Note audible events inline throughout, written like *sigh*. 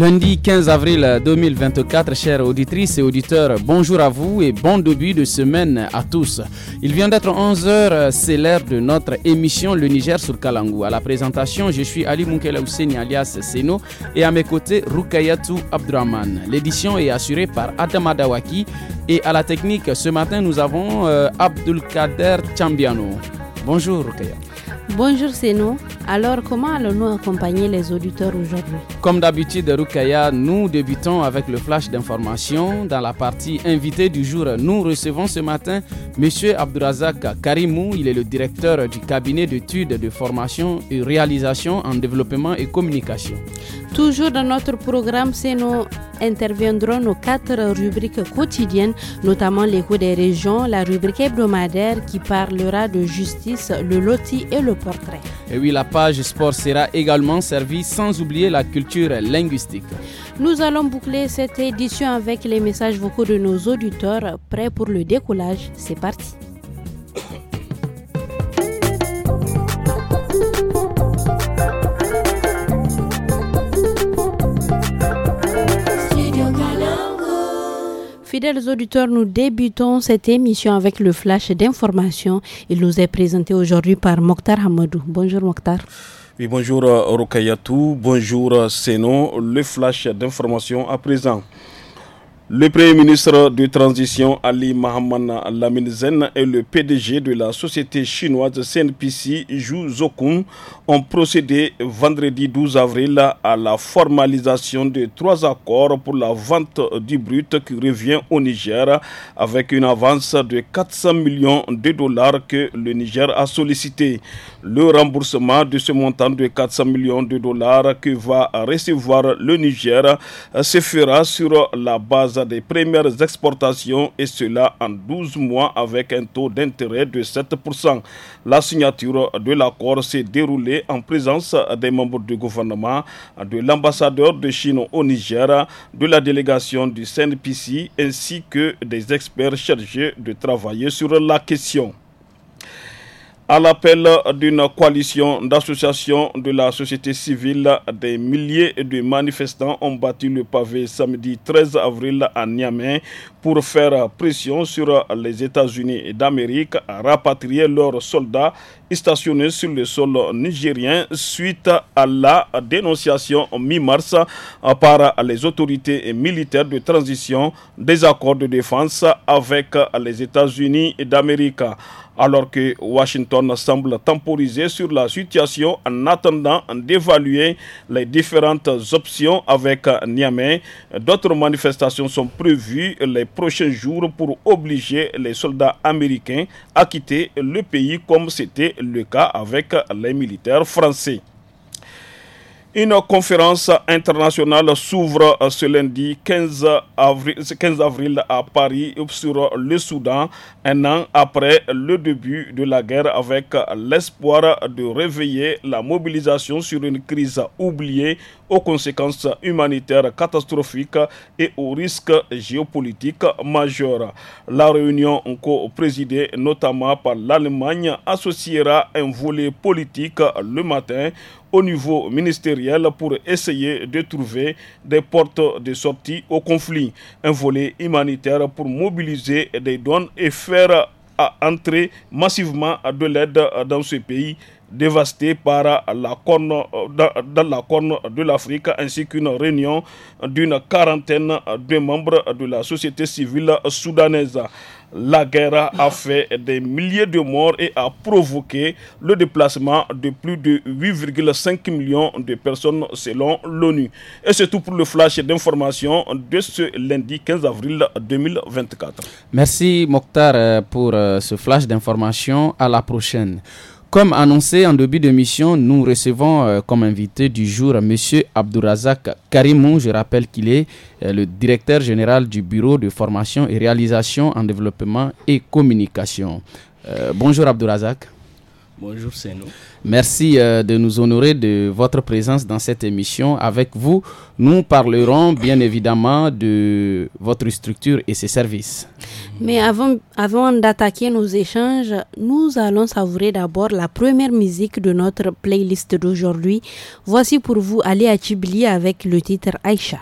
Lundi 15 avril 2024, chers auditrices et auditeurs, bonjour à vous et bon début de semaine à tous. Il vient d'être 11h, c'est l'heure de notre émission Le Niger sur Kalangou. À la présentation, je suis Ali Moukela Ousseni alias Seno et à mes côtés Rukayatou Abdraman. L'édition est assurée par Adam Dawaki et à la technique, ce matin, nous avons euh, Abdulkader Chambiano. Bonjour Rukayatou. Bonjour, c'est nous. Alors, comment allons-nous accompagner les auditeurs aujourd'hui Comme d'habitude, Rukaya, nous débutons avec le flash d'information. Dans la partie invité du jour, nous recevons ce matin M. Abdurazak Karimou. Il est le directeur du cabinet d'études de formation et réalisation en développement et communication. Toujours dans notre programme, c'est nous interviendront nos quatre rubriques quotidiennes, notamment l'écho des régions, la rubrique hebdomadaire qui parlera de justice, le loti et le portrait. Et oui, la page sport sera également servie sans oublier la culture linguistique. Nous allons boucler cette édition avec les messages vocaux de nos auditeurs prêts pour le décollage. C'est parti. Fidèles auditeurs, nous débutons cette émission avec le flash d'information. Il nous est présenté aujourd'hui par Mokhtar Hamadou. Bonjour Mokhtar. Oui, bonjour euh, Rokayatou, bonjour euh, Seno. Le flash d'information à présent. Le Premier ministre de Transition Ali Mahamana Zen et le PDG de la société chinoise CNPC Zhu ont procédé vendredi 12 avril à la formalisation de trois accords pour la vente du brut qui revient au Niger avec une avance de 400 millions de dollars que le Niger a sollicité. Le remboursement de ce montant de 400 millions de dollars que va recevoir le Niger se fera sur la base des premières exportations et cela en 12 mois avec un taux d'intérêt de 7%. La signature de l'accord s'est déroulée en présence des membres du gouvernement, de l'ambassadeur de Chine au Niger, de la délégation du CNPC ainsi que des experts chargés de travailler sur la question à l'appel d'une coalition d'associations de la société civile, des milliers de manifestants ont battu le pavé samedi 13 avril à Niamey pour faire pression sur les États-Unis d'Amérique à rapatrier leurs soldats stationnés sur le sol nigérien suite à la dénonciation mi-mars par les autorités militaires de transition des accords de défense avec les États-Unis d'Amérique alors que Washington semble temporiser sur la situation en attendant d'évaluer les différentes options avec Niamey. D'autres manifestations sont prévues les prochains jours pour obliger les soldats américains à quitter le pays comme c'était le cas avec les militaires français. Une conférence internationale s'ouvre euh, ce lundi 15 avril, à Paris sur le Soudan, un an après le début de la guerre, avec l'espoir de réveiller la mobilisation sur une crise oubliée aux conséquences humanitaires catastrophiques et aux risques géopolitiques majeurs. La réunion co-présidée notamment par l'Allemagne associera un volet politique le matin au niveau ministériel pour essayer de trouver des portes de sortie au conflit, un volet humanitaire pour mobiliser des dons et faire entrer massivement de l'aide dans ce pays Dévasté par la corne, euh, dans, la corne de l'Afrique, ainsi qu'une réunion d'une quarantaine de membres de la société civile soudanaise. La guerre a fait des milliers de morts et a provoqué le déplacement de plus de 8,5 millions de personnes selon l'ONU. Et c'est tout pour le flash d'information de ce lundi 15 avril 2024. Merci Mokhtar euh, pour euh, ce flash d'information. À la prochaine. Comme annoncé en début mission, nous recevons euh, comme invité du jour M. Abdourazak Karimou. Je rappelle qu'il est euh, le directeur général du Bureau de formation et réalisation en développement et communication. Euh, bonjour Abdourazak. Bonjour c'est nous. Merci euh, de nous honorer de votre présence dans cette émission. Avec vous, nous parlerons bien évidemment de votre structure et ses services. Mais avant, avant d'attaquer nos échanges, nous allons savourer d'abord la première musique de notre playlist d'aujourd'hui. Voici pour vous à Tibli avec le titre Aïcha.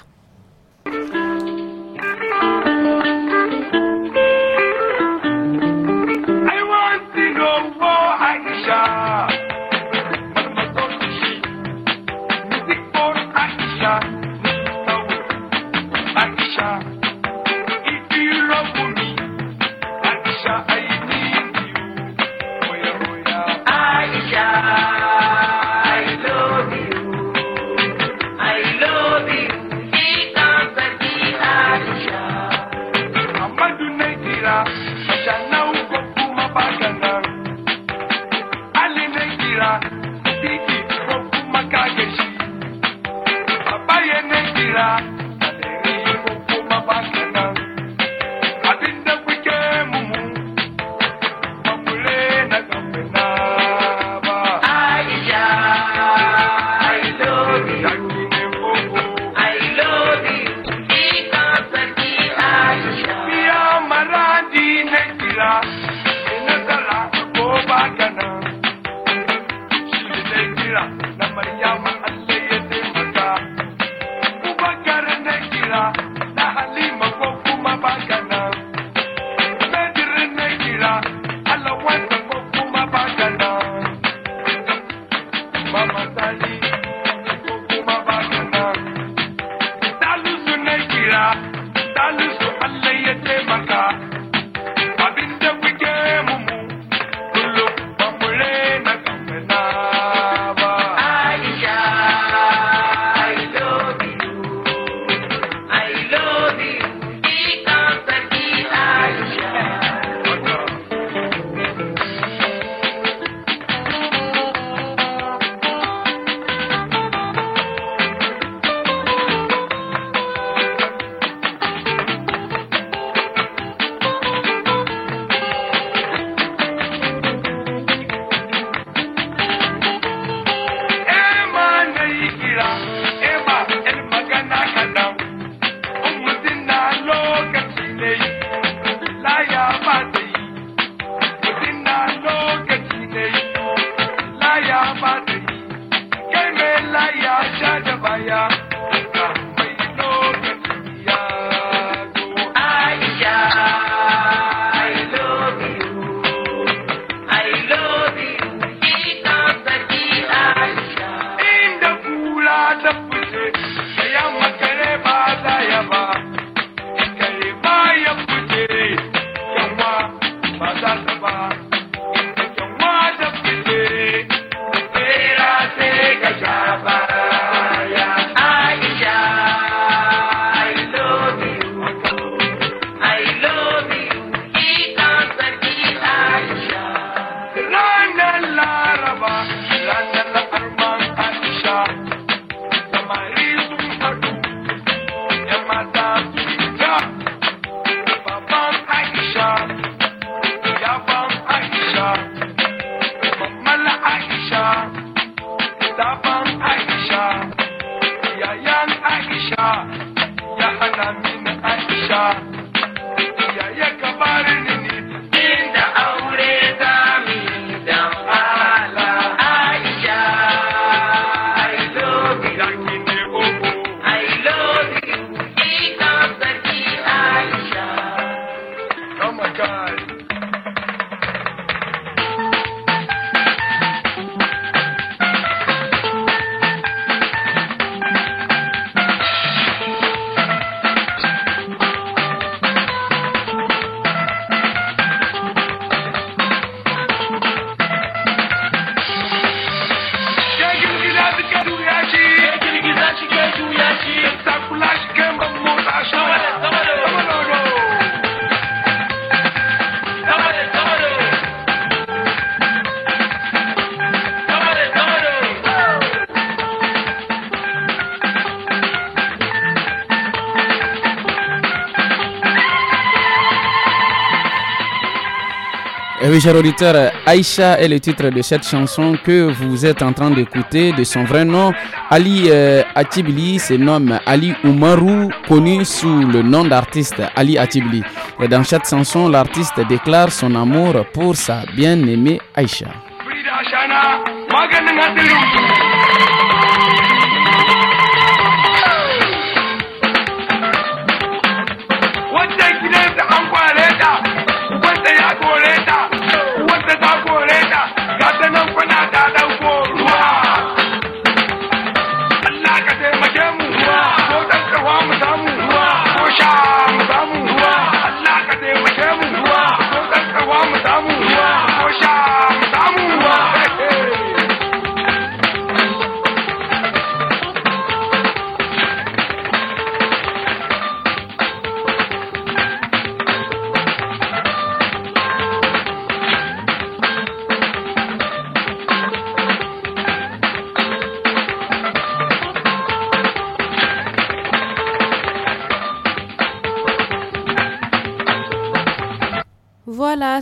Oui, cher auditeur, Aïcha est le titre de cette chanson que vous êtes en train d'écouter. De son vrai nom, Ali euh, Atibli se nomme Ali Oumarou, connu sous le nom d'artiste Ali Atibli. Et dans cette chanson, l'artiste déclare son amour pour sa bien-aimée Aïcha.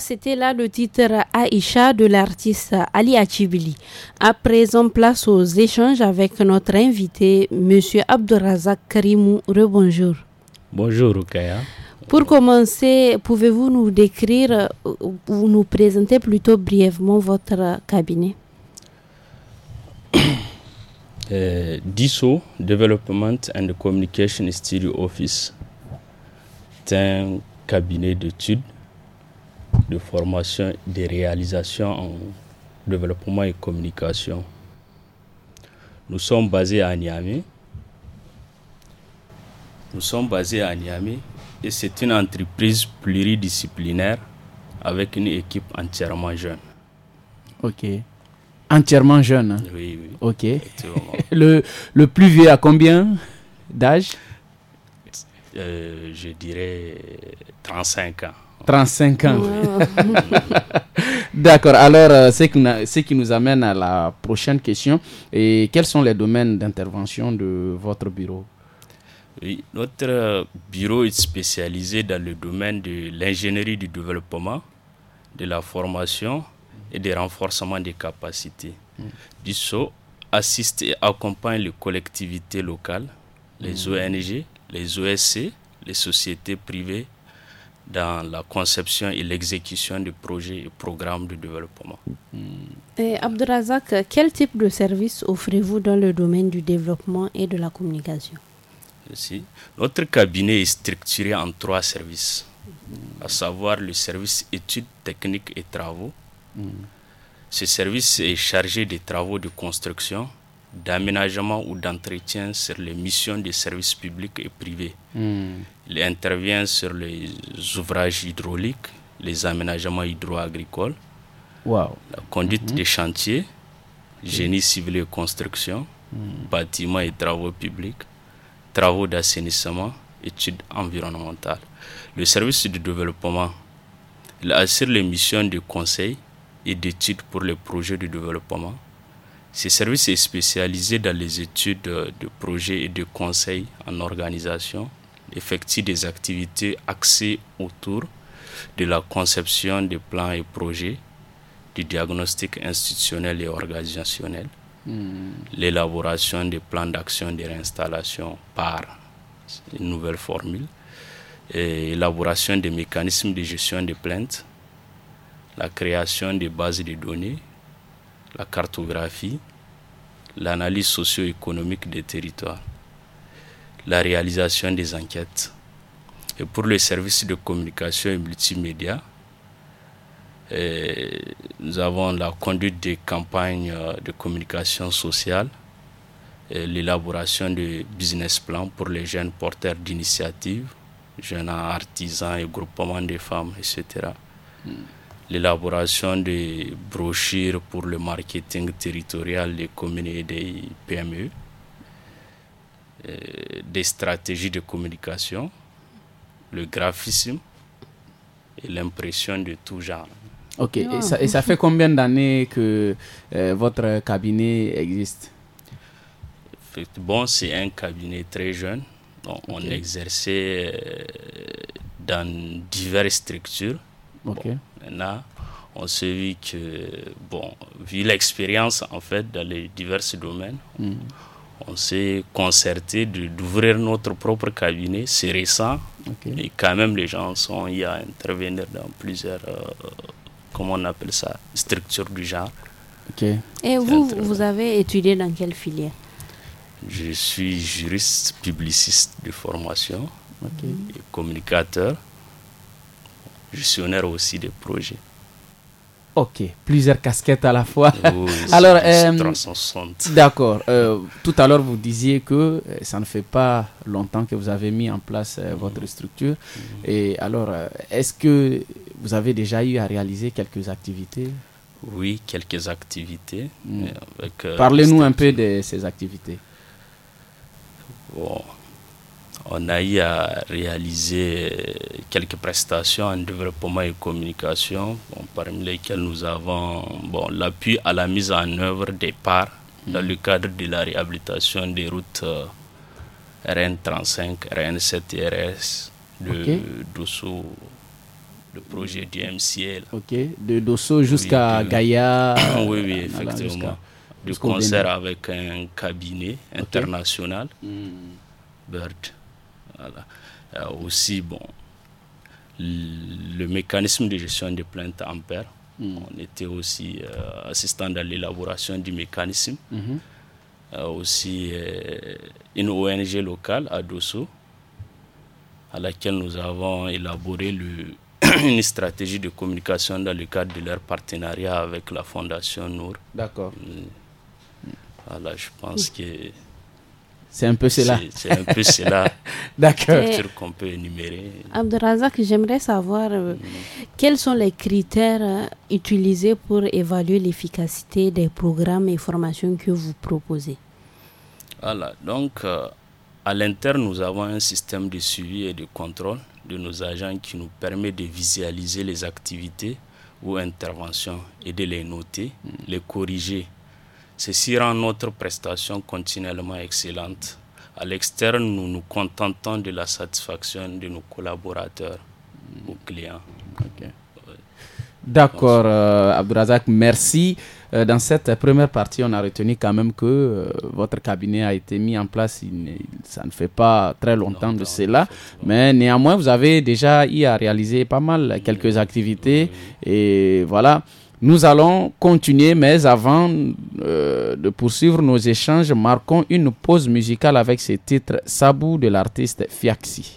c'était là le titre Aïcha de l'artiste Ali Achibili. À présent, place aux échanges avec notre invité, M. Abdurazak Karimou. Rebonjour. Bonjour, Rukaya. Pour commencer, pouvez-vous nous décrire euh, ou nous présenter plutôt brièvement votre cabinet *coughs* euh, DISO, Development and Communication Studio Office, un cabinet d'études de formation, de réalisation en développement et communication. Nous sommes basés à Niamey. Nous sommes basés à Niamey et c'est une entreprise pluridisciplinaire avec une équipe entièrement jeune. Ok. Entièrement jeune. Hein? Oui, oui. Ok. *laughs* le, plus vieux à combien d'âge euh, Je dirais 35 ans. 35 ans. *laughs* D'accord. Alors, euh, ce qui, nous amène à la prochaine question. Et quels sont les domaines d'intervention de votre bureau oui, Notre euh, bureau est spécialisé dans le domaine de l'ingénierie du développement, de la formation et des renforcements des capacités. Mm. Du saut, assiste et accompagne les collectivités locales, les mm. ONG, les OSC, les sociétés privées dans la conception et l'exécution des projets et programmes de développement. Hmm. Et Abdurazak, quel type de service offrez-vous dans le domaine du développement et de la communication Notre cabinet est structuré en trois services, hmm. à savoir le service études techniques et travaux. Hmm. Ce service est chargé des travaux de construction, d'aménagement ou d'entretien sur les missions des services publics et privés. Hmm. Il intervient sur les ouvrages hydrauliques, les aménagements hydro-agricoles, la conduite hmm. des chantiers, génie civil et construction, hmm. bâtiments et travaux publics, travaux d'assainissement, études environnementales. Le service de développement, il assure les missions de conseil et d'études pour les projets de développement ce service est spécialisé dans les études de projets et de conseils en organisation, effectue des activités axées autour de la conception de plans et projets, du diagnostic institutionnel et organisationnel, hmm. l'élaboration des plans d'action de réinstallation par une nouvelle formule, et des mécanismes de gestion des plaintes, la création des bases de données, la cartographie, l'analyse socio-économique des territoires, la réalisation des enquêtes. Et pour les services de communication et multimédia, eh, nous avons la conduite des campagnes euh, de communication sociale, l'élaboration de business plans pour les jeunes porteurs d'initiatives, jeunes artisans et groupements de femmes, etc l'élaboration des brochures pour le marketing territorial des communes et des PME, euh, des stratégies de communication, le graphisme et l'impression de tout genre. Ok, et, ça, fait combien d'années que euh, votre cabinet existe Bon, c'est un cabinet très jeune. On, exerçait euh, dans diverses structures maintenant, on sait vu que, bon, vu l'expérience en fait dans les divers domaines, hmm. on s'est concerté d'ouvrir notre propre cabinet. C'est récent, et quand même les gens sont y à intervenir dans plusieurs, euh, comment on appelle ça, structures du genre. Et vous, vous avez étudié dans quelle filière Je suis juriste publiciste de formation et communicateur aussi des projets. Ok, plusieurs casquettes à la fois. *laughs* Alors, euh, D'accord. Euh, tout à l'heure, vous disiez que euh, ça ne fait pas longtemps que vous avez mis en place mm-hmm. votre structure. Mm-hmm. Et alors, est-ce que vous avez déjà eu à réaliser quelques activités Oui, quelques activités. Mm. Parlez-nous un peu de ces activités. On a eu à réaliser euh, quelques prestations en développement et communication, parmi lesquelles nous avons bon, l'appui à la mise en œuvre des parts dans le cadre de la réhabilitation des routes RN35, RN7 RS de Dosso, le projet du MCL. Ok, de Dosso jusqu'à Gaïa. *coughs* oui, oui, *coughs* effectivement. du concert avec un cabinet international, hmm. Bird. Euh, aussi, bon, le mécanisme de gestion des plaintes Ampère. Mm. On était aussi euh, assistant dans l'élaboration du mécanisme. Mm-hmm. Euh, aussi, une ONG locale à Dosso, à laquelle nous avons élaboré *coughs* une stratégie de communication dans le cadre de leur partenariat avec la Fondation Nour. D'accord. Mm. Voilà, je pense que c'est un peu cela. C'est un peu cela. *laughs* D'accord. qu'on peut énumérer. Abdelrazak, j'aimerais savoir euh, mm. quels sont les critères euh, utilisés pour évaluer l'efficacité des programmes et formations que vous proposez. Voilà. Donc, euh, à l'interne, nous avons un système de suivi et de contrôle de nos agents qui nous permet de visualiser les activités ou interventions et de les noter, mm. les corriger Ceci rend notre prestation continuellement excellente. À l'externe, nous nous contentons de la satisfaction de nos collaborateurs, nos clients. D'accord, euh, merci. Euh, dans cette première partie, on a retenu quand même que euh, votre cabinet a été mis en place, il, ça ne fait pas très longtemps de cela, mais néanmoins, vous avez déjà eu à réaliser pas mal, quelques activités, et voilà. Nous allons continuer, mais avant euh, de poursuivre nos échanges, marquons une pause musicale avec ce titre Sabou de l'artiste Fiaxi.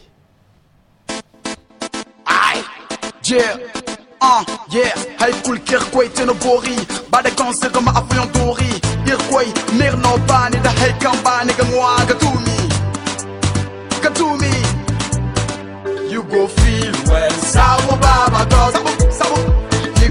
Ah, yeah, haikul kirkwai tino bori Bada konse gama afuyon dori Irkwai, nir no bani da haikan bani ga mwa ga tumi Ga tumi You go feel well, sawo baba go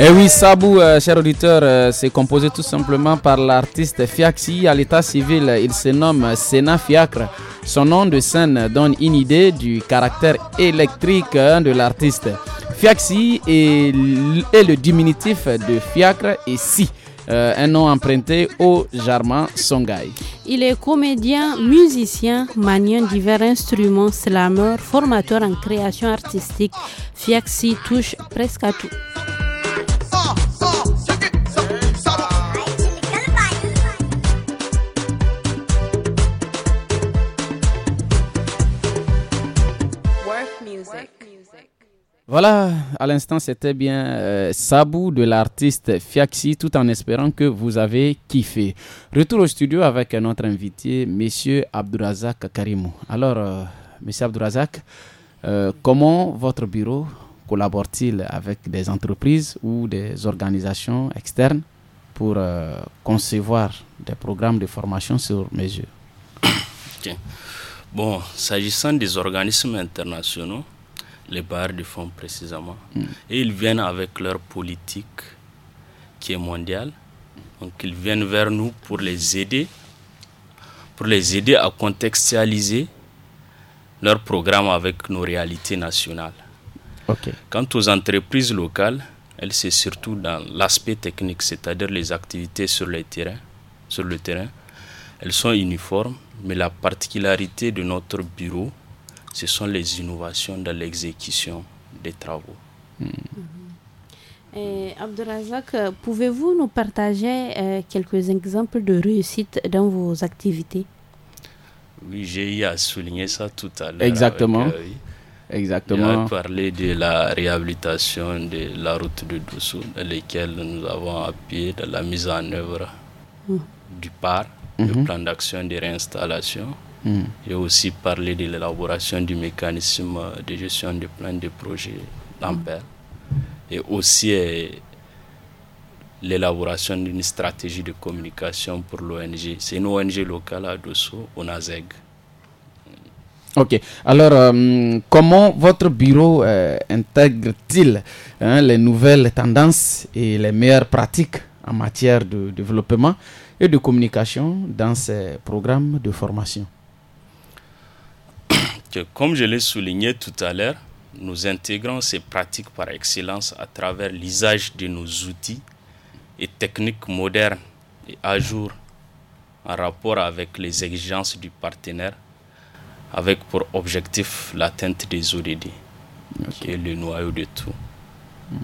Et eh oui, Sabou, euh, cher auditeur, euh, c'est composé tout simplement par l'artiste Fiaxi à l'état civil. Il se nomme Sena Fiacre. Son nom de scène donne une idée du caractère électrique hein, de l'artiste. Fiaxi est, le diminutif de Fiacre et Si. Euh, un nom emprunté au Jarman Songhai. Il est comédien, musicien, maniant divers instruments, slammer, formateur en création artistique. Fiaxi touche presque à tout. Voilà, à l'instant, c'était bien euh, Sabou de l'artiste Fiaxi, tout en espérant que vous avez kiffé. Retour au studio avec notre invité, Monsieur Abdourazak Karimou. Alors, M. Euh, Monsieur euh, comment votre bureau collabore-t-il avec des entreprises ou des organisations externes pour concevoir des programmes de formation sur mesure Bon, s'agissant des organismes internationaux, les barres de fonds précisément. Mm. Et ils viennent avec leur politique qui est mondiale. Donc ils viennent vers nous pour les aider, pour les aider à contextualiser leur programme avec nos réalités nationales. Quant aux entreprises locales, elles c'est surtout dans l'aspect technique, c'est-à-dire les activités sur le terrain. Sur le terrain, elles sont uniformes, mais la particularité de notre bureau, ce sont les innovations dans l'exécution des travaux. Mmh. pouvez-vous nous partager euh, quelques exemples de réussite dans vos activités Oui, j'ai eu à souligner ça tout à l'heure. Exactement. Euh, Exactement. Parler parlé de la réhabilitation de la route de Doussou dans laquelle nous avons appuyé dans la mise en œuvre mm. du PAR, le mm-hmm. plan d'action de réinstallation j'ai mm. aussi parlé de l'élaboration du mécanisme de gestion de plans de projet d'Ampère mm. et aussi eh, l'élaboration d'une stratégie de communication pour l'ONG. C'est une ONG locale à Dosso, au NAZEG. Mm. Ok. Alors, euh, comment votre bureau euh, intègre-t-il hein, les nouvelles tendances et les meilleures pratiques en matière de développement et de communication dans ses programmes de formation comme je l'ai souligné tout à l'heure, nous intégrons ces pratiques par excellence à travers l'usage de nos outils et techniques modernes et à jour en rapport avec les exigences du partenaire avec pour objectif l'atteinte des ODD, qui est le noyau de tout. Hmm.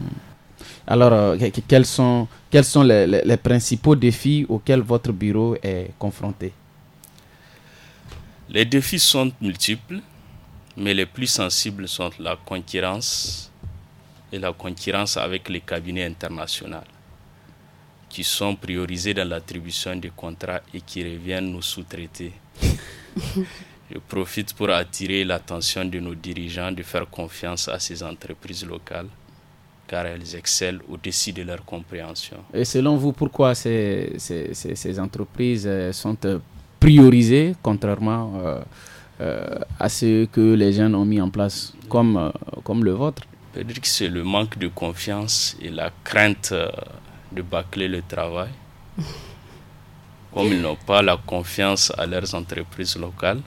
Alors, euh, quels sont, les principaux défis auxquels votre bureau est confronté Les défis sont multiples mais les plus sensibles sont la concurrence et la concurrence avec les cabinets internationaux qui sont priorisés dans l'attribution des contrats et qui reviennent nous sous-traiter. *laughs* Je profite pour attirer l'attention de nos dirigeants de faire confiance à ces entreprises locales car elles excellent au-dessus de leur compréhension. Et selon vous, pourquoi ces, ces, ces, entreprises euh, sont euh, priorisées contrairement euh, euh, à ce que les jeunes ont mis en place, comme, euh, comme le vôtre c'est le manque de confiance et la crainte euh, de bâcler le travail. *laughs* Comme ils n'ont pas la confiance à leurs entreprises locales,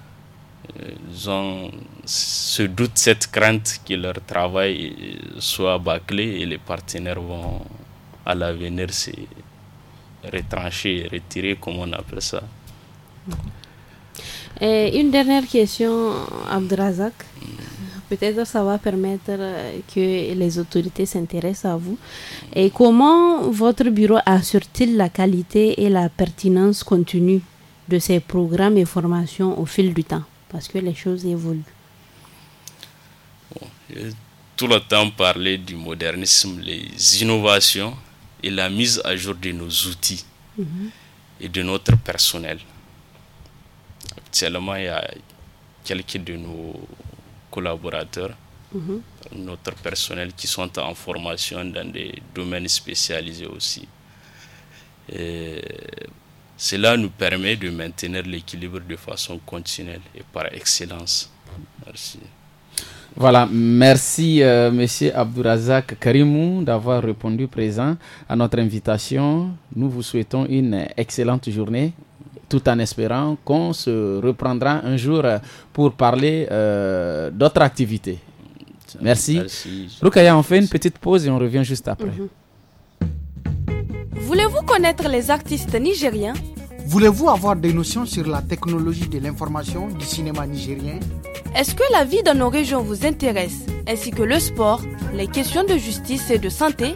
ils ont ce doute, cette crainte que leur travail soit bâclé et les partenaires vont à l'avenir se retrancher, retirer, comme on appelle ça. Mm. Eh, une dernière question, Abdrazak. Peut-être ça va permettre euh, que les autorités s'intéressent à vous. Et comment votre bureau assure-t-il la qualité et la pertinence continue de ces programmes et formations au fil du temps Parce que les choses évoluent. tout le temps parler du modernisme, les innovations et la mise à jour de nos outils mhm. et de notre personnel il y a quelques de nos collaborateurs, mhm. notre personnel qui sont en formation dans des domaines spécialisés aussi. cela nous permet de maintenir l'équilibre de façon continuelle et par excellence. Merci. Voilà, merci M. Euh, monsieur Abdourazak Karimou d'avoir répondu présent à notre invitation. Nous vous souhaitons une excellente journée tout en espérant qu'on se reprendra un jour pour parler euh, d'autres activités. Merci. Rukaya, on fait une petite pause et on revient juste après. Mhm. Voulez-vous connaître les artistes nigériens Voulez-vous avoir des notions sur la technologie de l'information du cinéma nigérien Est-ce que la vie dans nos régions vous intéresse, ainsi que le sport, les questions de justice et de santé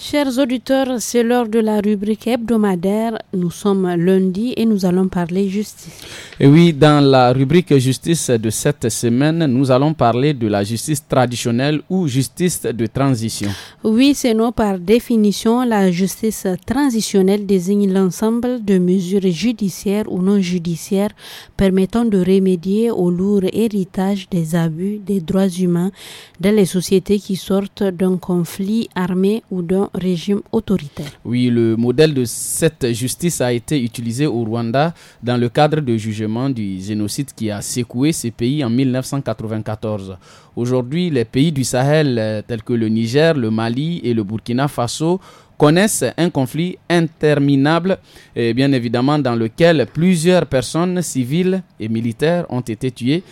Chers auditeurs, c'est l'heure de la rubrique hebdomadaire. Nous sommes lundi et nous allons parler justice. Et oui, dans la rubrique justice de cette semaine, nous allons parler de la justice traditionnelle ou justice de transition. Oui, c'est nous. par définition, la justice transitionnelle désigne l'ensemble de mesures judiciaires ou non judiciaires permettant de remédier au lourd héritage des abus des droits humains dans les sociétés qui sortent d'un conflit armé ou d'un régime autoritaire. Oui, le modèle de cette justice a été utilisé au Rwanda dans le cadre de jugement du génocide qui a secoué ces pays en 1994. Aujourd'hui, les pays du Sahel euh, tels que le Niger, le Mali et le Burkina Faso connaissent un conflit interminable, et bien évidemment dans lequel plusieurs personnes civiles et militaires ont été tuées.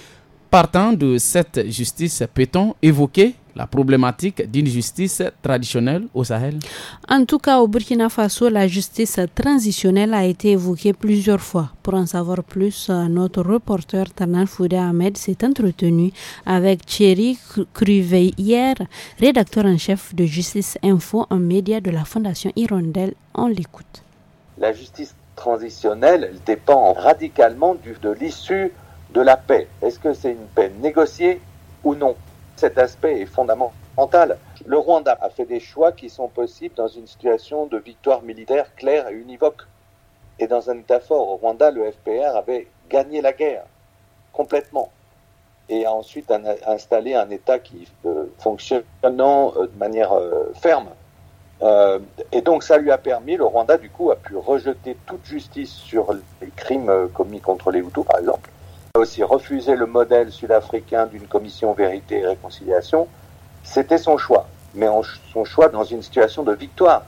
Partant de cette justice, peut-on évoquer la problématique d'une justice traditionnelle au Sahel En tout cas, au Burkina Faso, la justice transitionnelle a été évoquée plusieurs fois. Pour en savoir plus, notre reporter Tanan Foudé Ahmed s'est entretenu avec Thierry hier, rédacteur en chef de Justice Info, un média de la Fondation Hirondelle. On l'écoute. La justice transitionnelle dépend radicalement de l'issue de la paix. Est-ce que c'est une paix négociée ou non cet aspect est fondamental. Le Rwanda a fait des choix qui sont possibles dans une situation de victoire militaire claire et univoque. Et dans un état fort, au Rwanda, le FPR avait gagné la guerre complètement et a ensuite installé un État qui euh, fonctionne maintenant euh, de manière euh, ferme. et donc ça lui a permis, le Rwanda du coup a pu rejeter toute justice sur les crimes commis contre les Hutus par exemple, aussi refusé le modèle sud-africain d'une commission vérité et réconciliation, c'était son choix, mais son choix dans une situation de victoire.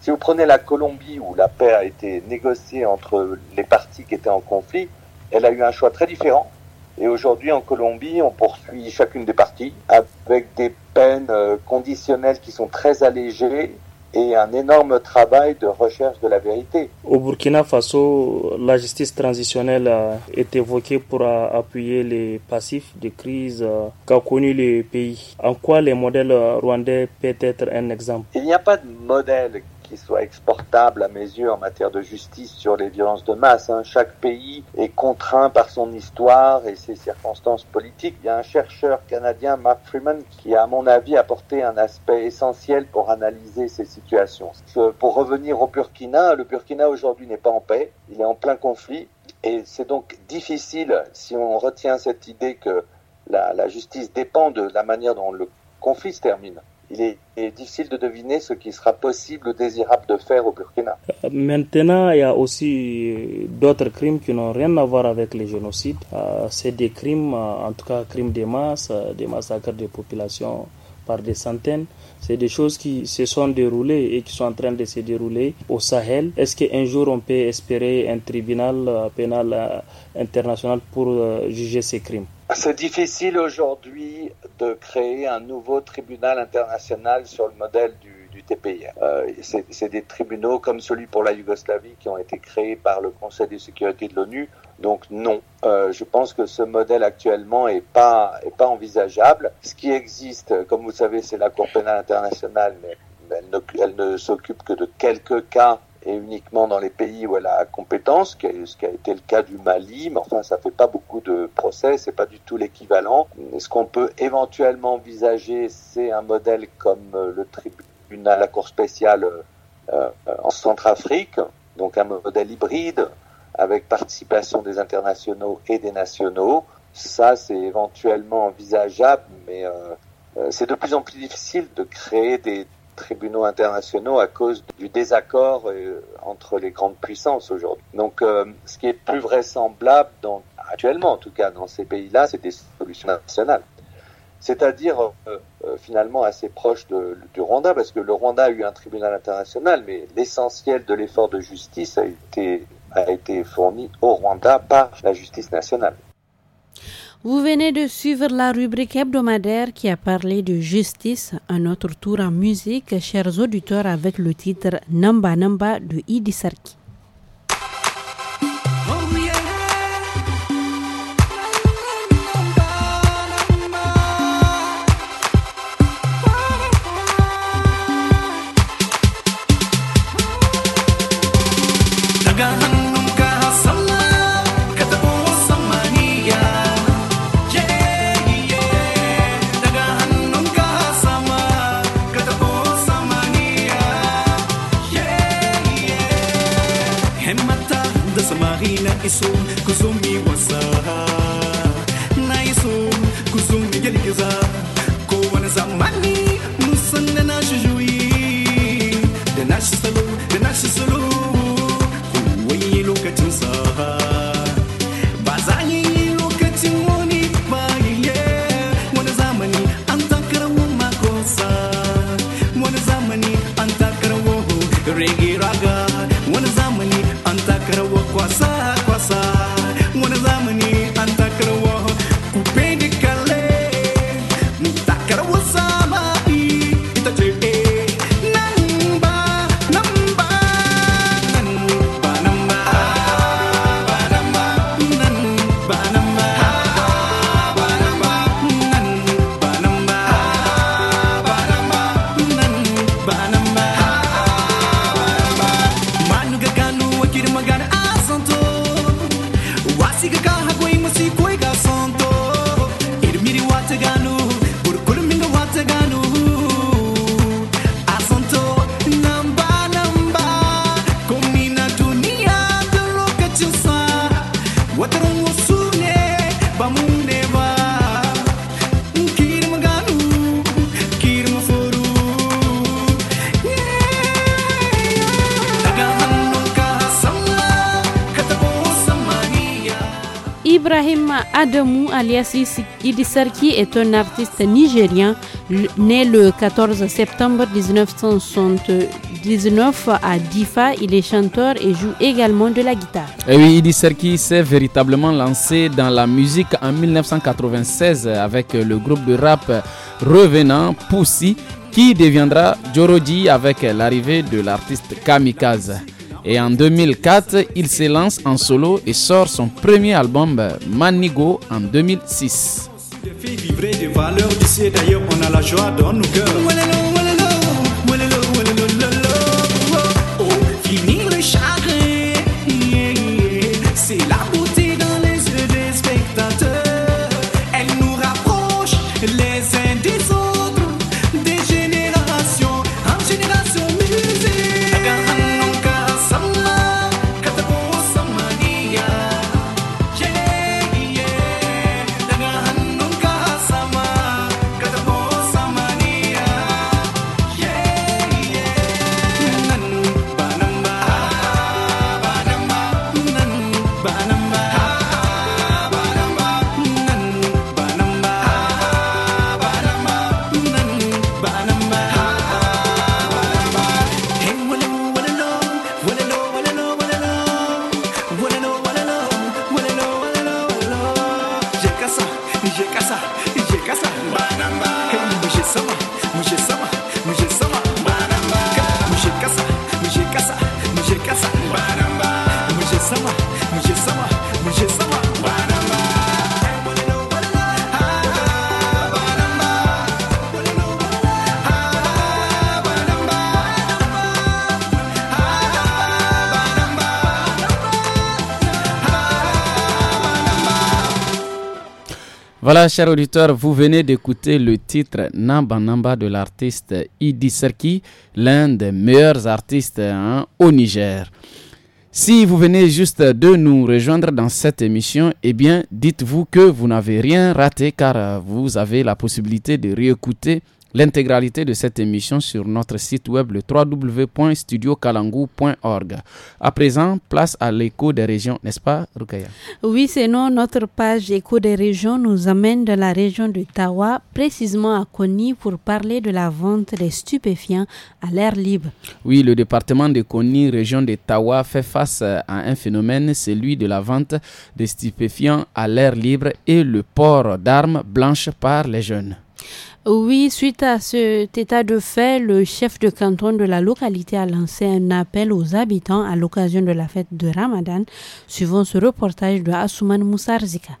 Si vous prenez la Colombie où la paix a été négociée entre les parties qui étaient en conflit, elle a eu un choix très différent. Et aujourd'hui, en Colombie, on poursuit chacune des parties avec des peines euh, conditionnelles qui sont très allégées, et un énorme travail de recherche de la vérité. Au Burkina Faso, la justice transitionnelle est évoquée pour appuyer les passifs de crise qu'a connu le pays. En quoi les modèles rwandais peut être un exemple Il n'y a pas de modèle qui soit exportable à mes yeux en matière de justice sur les violences de masse. Hein. Chaque pays est contraint par son histoire et ses circonstances politiques. Il y a un chercheur canadien, Mark Freeman, qui a, à mon avis, apporté un aspect essentiel pour analyser ces situations. pour revenir au Burkina, le Burkina aujourd'hui n'est pas en paix, il est en plein conflit. Et c'est donc difficile, si on retient cette idée que la justice dépend de la manière dont le conflit se termine, il est, difficile de deviner ce qui sera possible ou désirable de faire au Burkina. Euh, maintenant, il y a aussi euh, d'autres crimes qui n'ont rien à voir avec les génocides. Euh, c'est des crimes, en tout cas crimes de masse, des massacres de populations par des centaines. C'est des choses qui se sont déroulées et qui sont en train de se dérouler au Sahel. Est-ce qu'un jour on peut espérer un tribunal pénal international pour juger ces crimes c'est difficile aujourd'hui de créer un nouveau tribunal international sur le modèle du, du TPI. Euh, C'est des tribunaux comme celui pour la Yougoslavie qui ont été créés par le Conseil de sécurité de l'ONU. Donc non, euh, je pense que ce modèle actuellement est pas est pas envisageable. Ce qui existe, comme vous savez, c'est la Cour pénale internationale, mais elle ne, elle ne s'occupe que de quelques cas et uniquement dans les pays où elle a compétence, ce qui a été le cas du Mali, mais enfin ça fait pas beaucoup de, c'est pas du tout l'équivalent. Ce qu'on peut éventuellement envisager, c'est un modèle comme euh, le tribunal, la Cour spéciale euh, euh, en Centrafrique, donc un modèle hybride avec participation des internationaux et des nationaux. Ça, c'est éventuellement envisageable, mais c'est de plus en plus difficile de créer des tribunaux internationaux à cause du désaccord entre les grandes puissances aujourd'hui. Donc, ce qui est plus vraisemblable dans actuellement en tout cas dans ces pays-là, c'est des solutions nationales. C'est-à-dire euh, euh, finalement assez proche du Rwanda, parce que le Rwanda a eu un tribunal international, mais l'essentiel de l'effort de justice a été, a été fourni au Rwanda par la justice nationale. Vous venez de suivre la rubrique hebdomadaire qui a parlé de justice, un autre tour en musique, chers auditeurs, avec le titre Namba Namba de Idi Sarki. iso ku zo wasa na isum kuzumi zo mi ko wani zamani mun san da na shi juyi da na shi salo da na shi salo kowai lokacin zamani an makosa wani zamani an takarawa rege raga wani zamani an takarawa kwasa Ademou, alias Idi est un artiste nigérien né le 14 septembre 1979 à Difa. Il est chanteur et joue également de la guitare. Et eh oui, Idi s'est véritablement lancé dans la musique en 1996 avec le groupe de rap Revenant Pussy qui deviendra Joroji avec l'arrivée de l'artiste Kamikaze. Et en 2004, il se lance en solo et sort son premier album Manigo en 2006. Voilà, chers auditeurs, vous venez d'écouter le titre Namba Namba de l'artiste Idi Serki, l'un des meilleurs artistes hein, au Niger. Si vous venez juste de nous rejoindre dans cette émission, eh bien, dites-vous que vous n'avez rien raté car vous avez la possibilité de réécouter L'intégralité de cette émission sur notre site web le www.studiocalangou.org. À présent, place à l'écho des régions, n'est-ce pas, Rukaya Oui, c'est non. Notre page écho des régions nous amène de la région de Tawa, précisément à Koni, pour parler de la vente des stupéfiants à l'air libre. Oui, le département de Koni, région de Tawa, fait face à un phénomène, celui de la vente des stupéfiants à l'air libre et le port d'armes blanches par les jeunes. Oui, suite à cet état de fait, le chef de canton de la localité a lancé un appel aux habitants à l'occasion de la fête de Ramadan, suivant ce reportage de Assouman Moussarzika.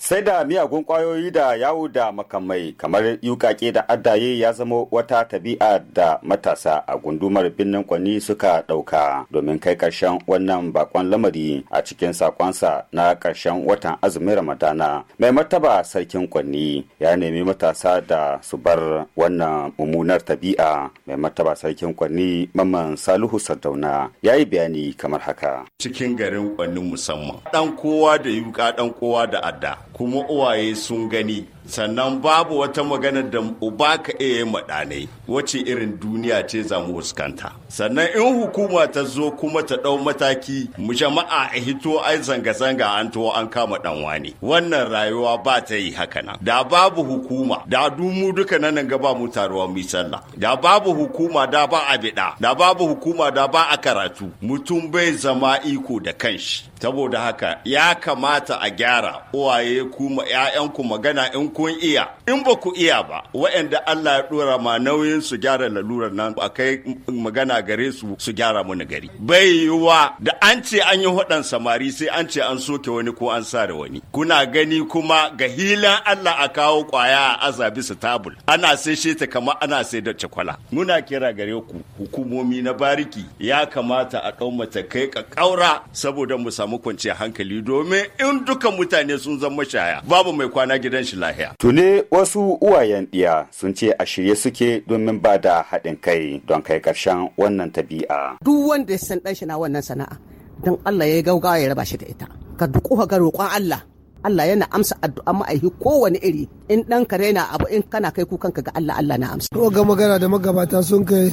sai da miyagun kwayoyi da yawo da makamai kamar yukake da addaye ya zama wata tabi'a da matasa a gundumar birnin kwanni suka ɗauka domin kai ƙarshen wannan bakon lamari a cikin sakonsa na ƙarshen watan azumin ramadana mai martaba sarkin kwani ya nemi matasa da su bar wannan mummunar tabi'a mai martaba sarkin kwani mamman salihu sardauna ya yi bayani kamar haka cikin garin kwani musamman dan kowa da yuka dan kowa da adda kuma uwaye sun gani sannan babu wata magana da uba ka iya ma maɗanai. wace irin duniya ce za mu fuskanta sannan in hukuma ta zo kuma ta ɗau mataki mu jama'a a hito ai zanga-zanga an to an kama ɗan wani wannan rayuwa ba ta yi haka nan da babu hukuma da dumu duka nan gaba mu taruwa mu sallah da babu hukuma da ba a biɗa da babu hukuma da ba a karatu mutum bai zama iko da kanshi saboda haka ya kamata a gyara uwaye iyaye ku ma magana in kun iya in ba ku iya ba waɗanda Allah ya dora ma nauyin su gyara lalurar nan a kai magana gare su su gyara mu gari bai yiwa da an ce an yi hudan samari sai an ce an soke wani ko an sa wani kuna gani kuma ga hilan Allah a kawo kwaya a aza bisa tabul ana sai shi ta kama ana sai da cakwala muna kira gare ku hukumomi na bariki ya kamata a ɗau matakai ka ƙaura saboda mu samu kwanciyar hankali domin in dukan mutane sun zama mashaya babu mai kwana gidan shi lahiya. Tune wasu uwayen ɗiya sun ce a shirye suke domin ba da haɗin kai don kai ƙarshen wannan tabi'a. Duk wanda ya san ɗanshi na wannan sana'a don Allah ya gaugawa ya raba shi da ita. Ka duku ga roƙon Allah. Allah yana amsa addu'a ma'aihi kowane iri in ka raina abu in kana kai kukan ka ga Allah Allah na amsa. To ga magana da magabata sun kai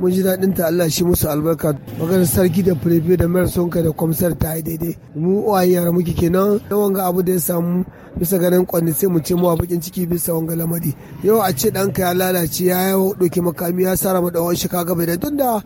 mun ji daɗin ta Allah shi musu albarka maganar sarki da firfe da mayar sonka da kwamsar ta yi daidai mu uwaye yara muke kenan na wanga abu da ya samu bisa ganin kwanne sai mu ce mu bakin ciki bisa wanga lamari yau a ce ɗanka ya lalace ya ɗauki makami ya sara ma ɗan shi kaga bai da da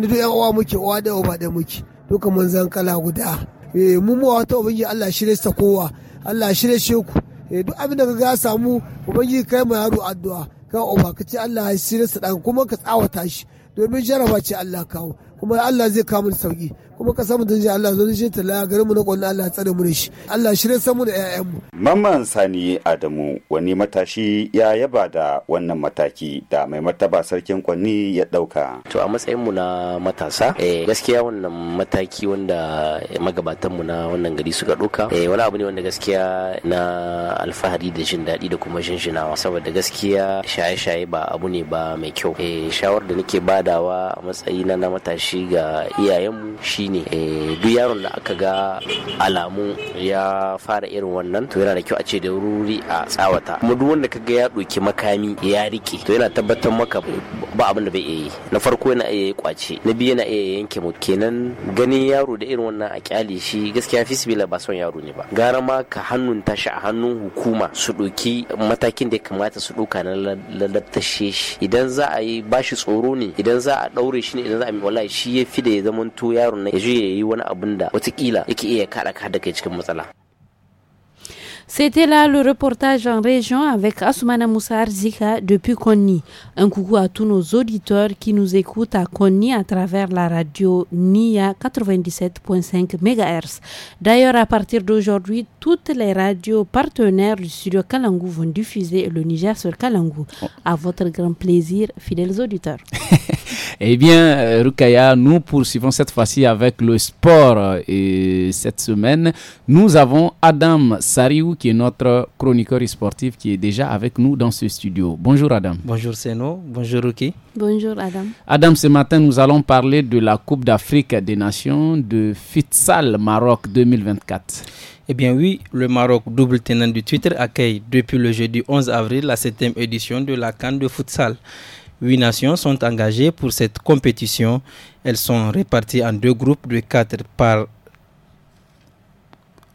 duk yan uwa muke uwa da uba da muke duka zan kala guda eh mu mu wata ubangi Allah shi ne kowa Allah shirya shi ku eh duk abin da ka samu ubangi kai ma yaro addu'a ka uba ka ce Allah ya shirye sa dan kuma ka tsawata shi domin jarabaci Allah kawo kuma Allah zai kawo mun sauki kuma ka samu ta Allah zo da ta la garin mu na kwallon Allah tsare mu da shi Allah shirye san mu da ƴaƴan mu Mamman Sani Adamu wani matashi ya yaba da wannan mataki da mai martaba sarkin kwanni ya dauka to a matsayin mu na matasa eh gaskiya wannan mataki wanda magabatan mu na wannan gari suka dauka eh wani abu ne wanda gaskiya na alfahari da jin daɗi da kuma shinshinawa saboda gaskiya shaye-shaye ba abu ne ba mai kyau eh shawar da nake badawa a matsayina na matashi ga iyayenmu shi shine eh, duk yaron da aka ga alamu ya fara irin wannan to yana da kyau a ce da wuri a tsawata kuma duk wanda ga ya ɗauki makami ya rike to yana tabbatar maka ba abin da bai iya yi na farko yana iya yi kwace na biyu yana iya yanke mu kenan ganin yaro da irin wannan a kyale shi gaskiya fi ba son yaro ne ba gara ma ka hannun tashi a hannun hukuma su ɗauki matakin da ya kamata su ɗauka na lalatashe shi idan za a yi bashi tsoro ne idan za a ɗaure shi ne idan za a yi wallahi shi ya fi da ya zamanto yaron na C'était là le reportage en région avec Asumana Moussa Arzika depuis Konni. Un coucou à tous nos auditeurs qui nous écoutent à Konni à travers la radio NIA 97.5 MHz. D'ailleurs, à partir d'aujourd'hui, toutes les radios partenaires du studio Kalangou vont diffuser le Niger sur Kalangou. À votre grand plaisir, fidèles auditeurs. *laughs* Eh bien, euh, Rukaya, nous poursuivons cette fois-ci avec le sport. Euh, et cette semaine, nous avons Adam Sariou, qui est notre chroniqueur sportif, qui est déjà avec nous dans ce studio. Bonjour Adam. Bonjour Seno. Bonjour Ruki. Bonjour Adam. Adam, ce matin, nous allons parler de la Coupe d'Afrique des Nations de Futsal Maroc 2024. Eh bien oui, le Maroc, double tenant du Twitter accueille depuis le jeudi 11 avril la 7e édition de la Cannes de futsal. Huit nations sont engagées pour cette compétition. Elles sont réparties en deux groupes de quatre par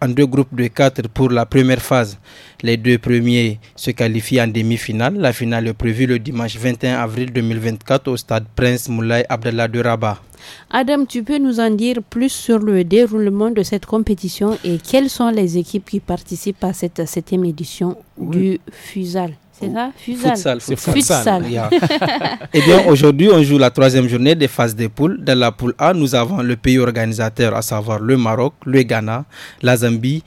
en deux groupes de pour la première phase. Les deux premiers se qualifient en demi-finale. La finale est prévue le dimanche 21 avril 2024 au stade Prince Moulay Abdallah de Rabat. Adam, tu peux nous en dire plus sur le déroulement de cette compétition et quelles sont les équipes qui participent à cette septième édition du FUSAL c'est ça Futsal. Futsal. *laughs* *laughs* Eh bien, aujourd'hui, on joue la troisième journée des phases des poules. Dans la poule A, nous avons le pays organisateur, à savoir le Maroc, le Ghana, la Zambie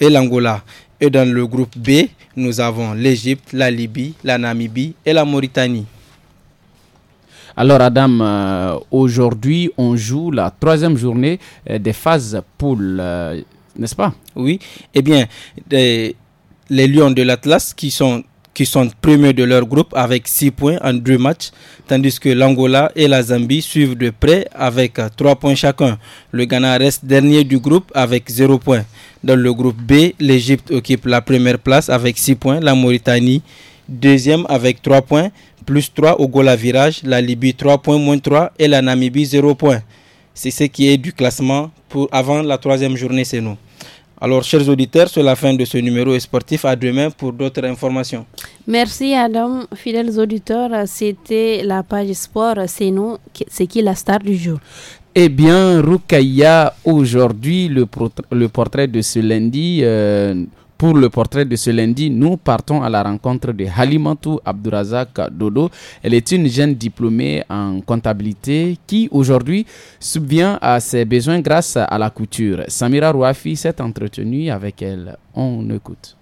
et l'Angola. Et dans le groupe B, nous avons l'Égypte, la Libye, la Namibie et la Mauritanie. Alors Adam, euh, aujourd'hui on joue la troisième journée euh, des phases poules, euh, n'est-ce pas Oui, eh bien, les Lions de l'Atlas qui sont qui sont premiers de leur groupe avec 6 points en deux matchs, tandis que l'Angola et la Zambie suivent de près avec 3 points chacun. Le Ghana reste dernier du groupe avec 0 points. Dans le groupe B, l'Égypte occupe la première place avec 6 points, la Mauritanie deuxième avec 3 points, plus 3 au goal à virage, la Libye 3 points, moins 3 et la Namibie 0 points. C'est ce qui est du classement pour avant la troisième journée, c'est nous. Alors, chers auditeurs, c'est la fin de ce numéro sportif. À demain pour d'autres informations. Merci, Adam. Fidèles auditeurs, c'était la page sport. C'est nous, c'est qui la star du jour eh bien, Rukaya, aujourd'hui, le, portrait de ce lundi, euh, pour le portrait de ce lundi, nous partons à la rencontre de Halimantou Abdurazak Dodo. Elle est une jeune diplômée en comptabilité qui aujourd'hui subvient à ses besoins grâce à la couture. Samira Rouafi s'est entretenue avec elle. On écoute.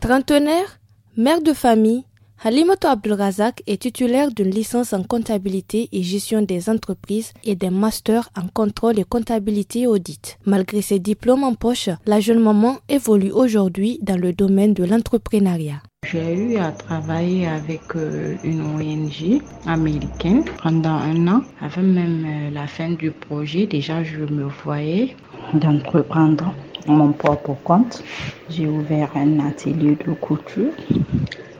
Trentenaire, mère de famille, Halimoto Abdulrazak est titulaire d'une licence en comptabilité et gestion des entreprises et d'un master en contrôle et comptabilité audit. Malgré ses diplômes en poche, la jeune maman évolue aujourd'hui dans le domaine de l'entrepreneuriat. J'ai eu à travailler avec euh, une ONG américaine pendant un an. Avant même euh, la fin du projet, déjà je me voyais d'entreprendre mon propre compte. J'ai ouvert un atelier de couture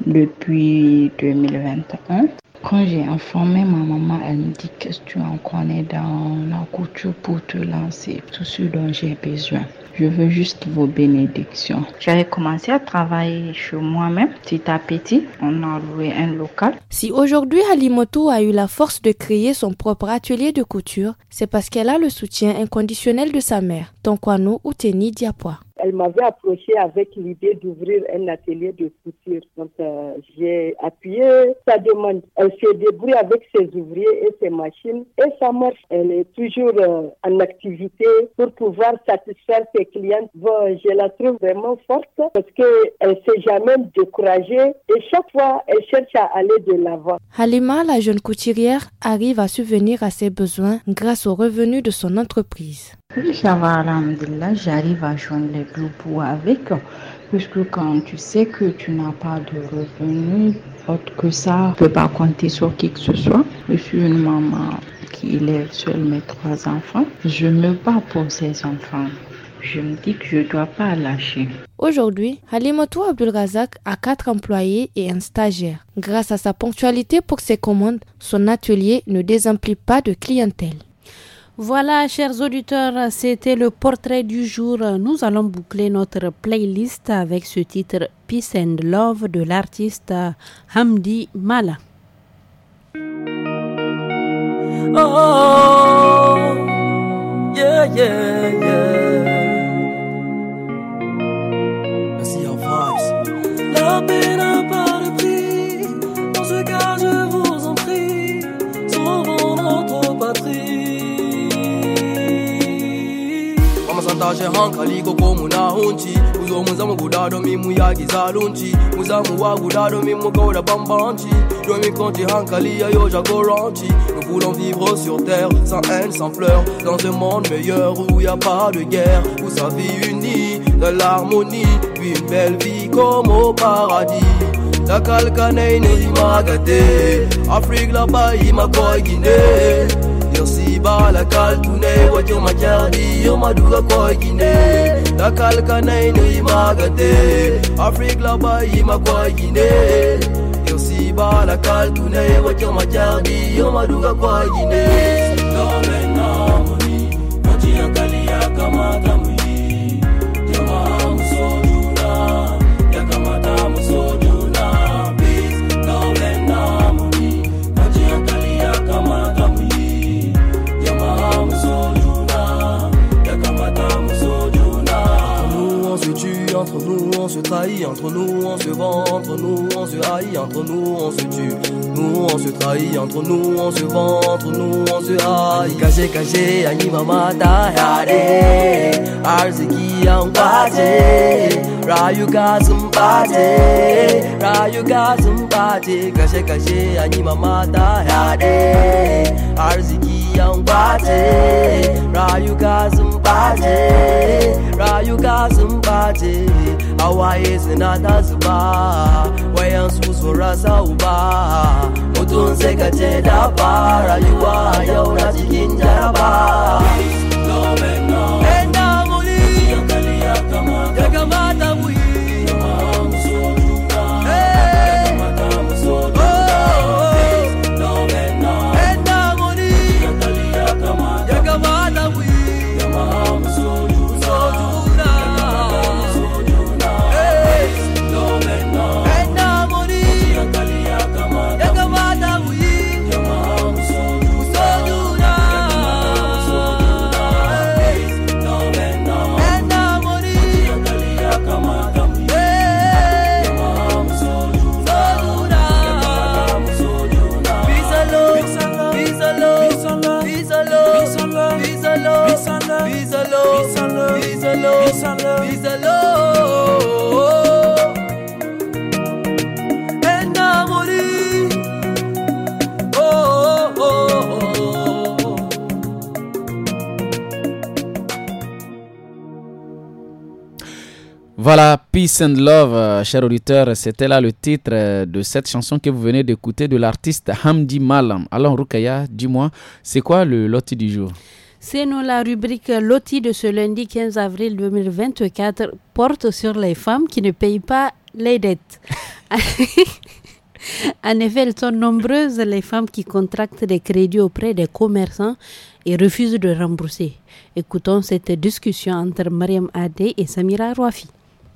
depuis 2021. Quand j'ai informé ma maman, elle me dit que tu en connais dans la couture pour te lancer, tout ce dont j'ai besoin. Je veux juste vos bénédictions. J'avais commencé à travailler chez moi-même, petit à petit. On a loué un local. Si aujourd'hui Halimoto a eu la force de créer son propre atelier de couture, c'est parce qu'elle a le soutien inconditionnel de sa mère, Tonkwano Uteni Diapwa. Elle m'avait approché avec l'idée d'ouvrir un atelier de couture. Donc, euh, j'ai appuyé sa demande. Elle se débrouille avec ses ouvriers et ses machines et ça marche. Elle est toujours euh, en activité pour pouvoir satisfaire ses clients. je la trouve vraiment forte parce qu'elle ne s'est jamais découragée et chaque fois, elle cherche à aller de l'avant. Halima, la jeune couturière, arrive à subvenir à ses besoins grâce aux revenus de son entreprise. j'arrive à le pour avec, puisque quand tu sais que tu n'as pas de revenus autre que ça, tu peux pas compter sur qui que ce soit. Je suis une maman qui élève seule mes trois enfants. Je me bats pour ces enfants. Je me dis que je ne dois pas lâcher. Aujourd'hui, Halimoto Abdulrazak a quatre employés et un stagiaire. Grâce à sa ponctualité pour ses commandes, son atelier ne désemplit pas de clientèle. Voilà, chers auditeurs, c'était le portrait du jour. Nous allons boucler notre playlist avec ce titre Peace and Love de l'artiste Hamdi Mala. Oh, tashe hankali koko muna hunci ku zo gudado zama guda domin mu yaki zalunci mu zamu wa guda domin mu kauda bambanci hankali ya yo nous voulons vivre sur terre sans haine sans fleurs dans un monde meilleur où y a pas de guerre où sa vie unie dans l'harmonie puis une belle vie comme au paradis dakalkanaine imagate afrique là-bas boy guinée yosibala kalkune wacho machadi yomaduga kwakine takalkanainoimagate afriklabaiima kwakine yosibala kalkune wacho machadi yomaduga kwakine Kamata mwe entre nous on se trahit, entre nous on se vend, entre nous on se haït, entre nous on se tue, nous on se trahit, entre nous on se vend, entre nous on se haït. Caché, caché, Anima mama ta yare, arziki en kaje, rayu ga sun baje, rayu ga sun Kage, Caché, caché, ta yare, Young ɓace rayuka sun ɓace rayuka sun ɓace hawaye suna ta zuba wayan su su rasa uba mutum sai ka ce da ba rayuwa yau na cikin Peace and Love, euh, chers auditeurs, c'était là le titre euh, de cette chanson que vous venez d'écouter de l'artiste Hamdi Malam. Alors Rukaya, dis-moi, c'est quoi le loti du jour c'est nous la rubrique Loti de ce lundi 15 avril 2024 porte sur les femmes qui ne payent pas les dettes. *laughs* en effet, elles sont nombreuses les femmes qui contractent des crédits auprès des commerçants et refusent de rembourser. Écoutons cette discussion entre Mariam Adé et Samira Rouafi.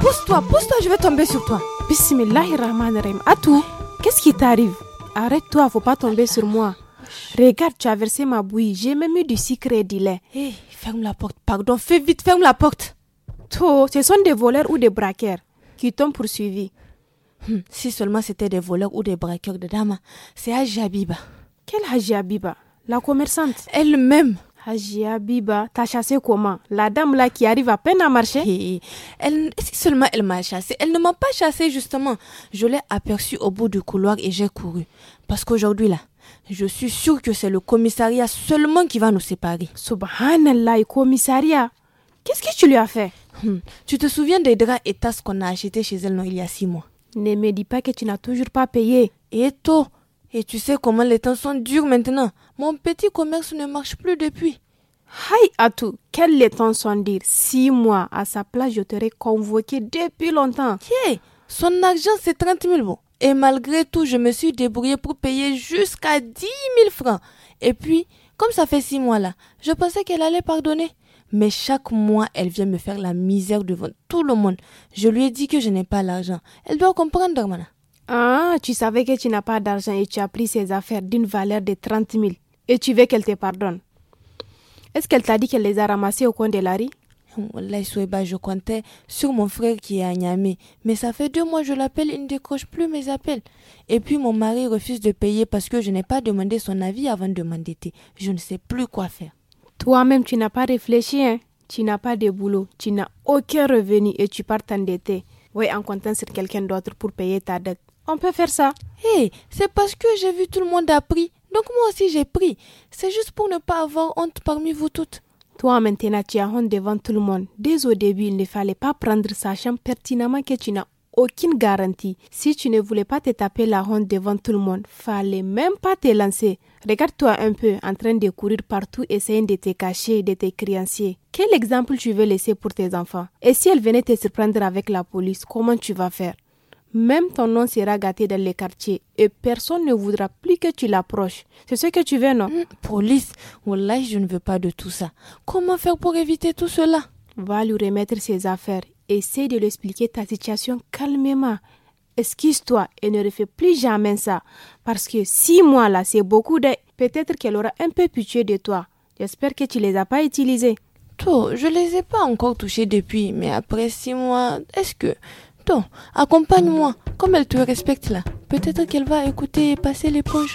pousse-toi, pousse-toi, je vais tomber sur toi. À toi, qu'est-ce qui t'arrive Arrête-toi, faut pas tomber sur moi. Regarde, tu as versé ma bouillie, j'ai même eu du sucre et du lait. Hé, ferme la porte, pardon, fais vite, ferme la porte. to ce sont des voleurs ou des braqueurs qui t'ont poursuivi. Hmm, si seulement c'était des voleurs ou des braqueurs de dames, c'est Haji Quel Quelle La commerçante. Elle-même. Hajia Biba, t'as chassé comment La dame là qui arrive à peine à marcher elle, Si seulement elle m'a chassé, hein, elle ne m'a pas chassé justement. Je l'ai aperçue au bout du couloir et j'ai couru. Parce qu'aujourd'hui là, je suis sûre que c'est le commissariat seulement qui va nous séparer. Subhanallah, commissariat Qu'est-ce que tu lui as fait hmm. Tu te souviens des draps et tasses qu'on a achetés chez elle non, il y a six mois Ne me dis pas que tu n'as toujours pas payé. Et toi Et tu sais comment les temps sont durs maintenant mon petit commerce ne marche plus depuis. Aïe, Atou, quel est ton son dire Six mois à sa place, je t'aurais convoqué depuis longtemps. son argent, c'est 30 000 bons. Et malgré tout, je me suis débrouillée pour payer jusqu'à 10 000 francs. Et puis, comme ça fait six mois là, je pensais qu'elle allait pardonner. Mais chaque mois, elle vient me faire la misère devant tout le monde. Je lui ai dit que je n'ai pas l'argent. Elle doit comprendre, Darmana. Ah, tu savais que tu n'as pas d'argent et tu as pris ses affaires d'une valeur de 30 000 et tu veux qu'elle te pardonne. Est-ce qu'elle t'a dit qu'elle les a ramassés au coin de la rue hum, je comptais sur mon frère qui est à Niamey. Mais ça fait deux mois que je l'appelle, il ne décroche plus mes appels. Et puis mon mari refuse de payer parce que je n'ai pas demandé son avis avant de m'endetter. Je ne sais plus quoi faire. Toi-même, tu n'as pas réfléchi, hein Tu n'as pas de boulot, tu n'as aucun revenu et tu pars t'endetter. Oui, en comptant sur quelqu'un d'autre pour payer ta dette. On peut faire ça. Hé, c'est parce que j'ai vu tout le monde appris. Donc moi aussi j'ai pris. C'est juste pour ne pas avoir honte parmi vous toutes. Toi maintenant tu as honte devant tout le monde. Dès au début il ne fallait pas prendre sachant pertinemment que tu n'as aucune garantie. Si tu ne voulais pas te taper la honte devant tout le monde, fallait même pas te lancer. Regarde-toi un peu en train de courir partout essayant de te cacher de tes créanciers. Quel exemple tu veux laisser pour tes enfants Et si elle venait te surprendre avec la police, comment tu vas faire même ton nom sera gâté dans les quartiers et personne ne voudra plus que tu l'approches. C'est ce que tu veux, non Police, hum, Police, Wallahi, je ne veux pas de tout ça. Comment faire pour éviter tout cela Va lui remettre ses affaires. Essaye de lui expliquer ta situation calmement. excuse toi et ne refais plus jamais ça. Parce que six mois là, c'est beaucoup de... Peut-être qu'elle aura un peu pitié de toi. J'espère que tu les as pas utilisés. Toi, je les ai pas encore touchés depuis, mais après six mois, est-ce que accompagne-moi. Comme elle te respecte là, peut-être qu'elle va écouter et passer l'éponge.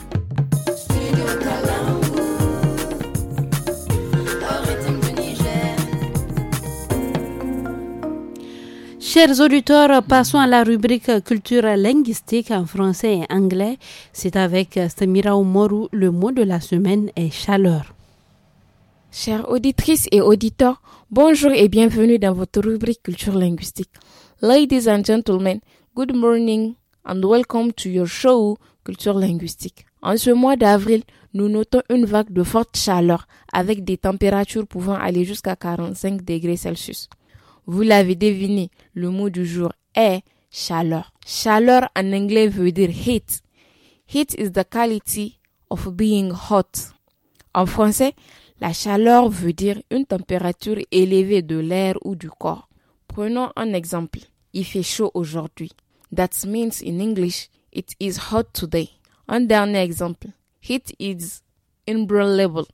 Chers auditeurs, passons à la rubrique culture linguistique en français et anglais. C'est avec euh, Samira Omoru. Le mot de la semaine est chaleur. Chères auditrices et auditeurs, bonjour et bienvenue dans votre rubrique culture linguistique. Ladies and gentlemen, good morning and welcome to your show culture linguistique. En ce mois d'avril, nous notons une vague de forte chaleur avec des températures pouvant aller jusqu'à 45 degrés Celsius. Vous l'avez deviné, le mot du jour est chaleur. Chaleur en anglais veut dire heat. Heat is the quality of being hot. En français, la chaleur veut dire une température élevée de l'air ou du corps. Prenons un exemple. Il fait chaud aujourd'hui. That means in English, it is hot today. Un dernier exemple. Heat is unbearable.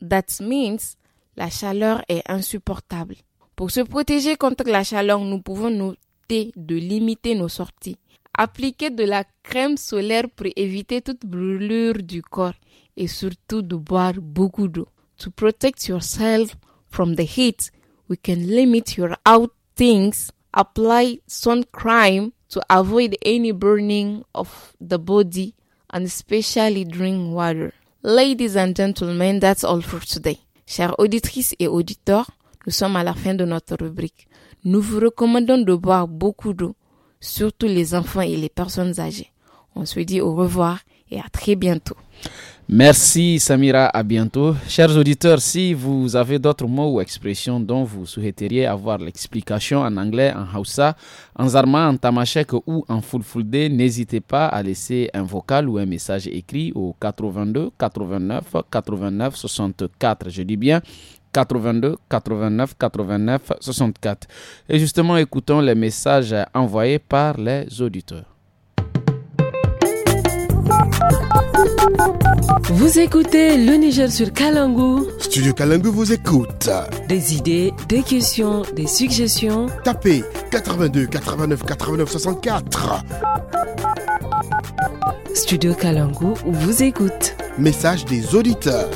That means la chaleur est insupportable. Pour se protéger contre la chaleur, nous pouvons noter de limiter nos sorties. Appliquer de la crème solaire pour éviter toute brûlure du corps et surtout de boire beaucoup d'eau. To protect yourself from the heat, we can limit your outings, apply sun crime to avoid any burning of the body and especially drink water. Ladies and gentlemen, that's all for today. Chers auditrices et auditeurs, nous sommes à la fin de notre rubrique. Nous vous recommandons de boire beaucoup d'eau, surtout les enfants et les personnes âgées. On se dit au revoir et à très bientôt. Merci Samira, à bientôt. Chers auditeurs, si vous avez d'autres mots ou expressions dont vous souhaiteriez avoir l'explication en anglais, en Hausa, en Zarma, en Tamashek ou en Fulfulde, n'hésitez pas à laisser un vocal ou un message écrit au 82 89 89 64. Je dis bien 82 89 89 64. Et justement, écoutons les messages envoyés par les auditeurs. Vous écoutez le Niger sur Kalangou. Studio Kalangou vous écoute. Des idées, des questions, des suggestions. Tapez 82 89 89 64. Studio Kalangou vous écoute. Message des auditeurs